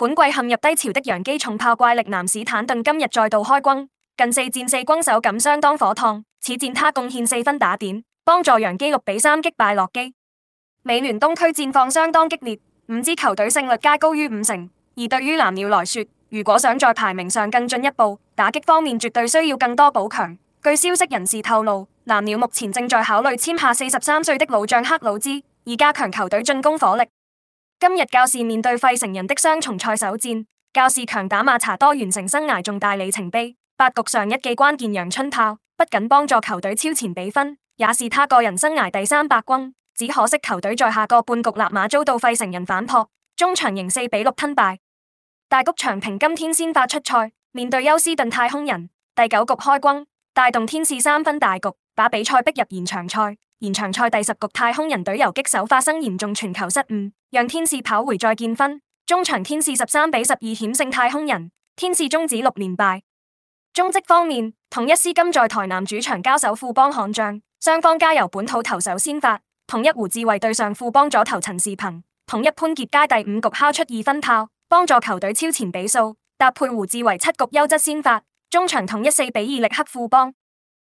本季陷入低潮的揚基重炮怪力男史坦頓今日再度開轟，近四戰四轟手感相當火燙。此戰他貢獻四分打點，幫助揚基六比三擊敗洛基。美聯東區戰況相當激烈，五支球隊勝率皆高於五成。而對於藍鳥來說，如果想在排名上更進一步，打擊方面絕對需要更多補強。據消息人士透露，藍鳥目前正在考慮簽下四十三歲的老將克魯茲，以加強球隊進攻火力。今日教士面對費城人的雙重賽首戰，教士強打馬查多完成生涯重大里程碑。八局上一記關鍵陽春炮，不僅幫助球隊超前比分，也是他個人生涯第三百轟。只可惜球隊在下個半局立馬遭到費城人反撲，中場贏四比六吞敗。大谷翔平今天先發出賽，面對休斯頓太空人，第九局開轟，帶動天使三分大局。把比賽逼入延長賽，延長賽第十局太空人隊游擊手發生嚴重傳球失誤，讓天使跑回再見分，終場天使十三比十二險勝太空人，天使終止六連敗。中職方面，統一獅今在台南主場交手富邦悍將，雙方加油本土投手先發，統一胡志偉對上富邦左投陳，陳士鵬，統一潘傑街第五局敲出二分炮，幫助球隊超前比數，搭配胡志偉七局優質先發，終場統一四比二力克富邦。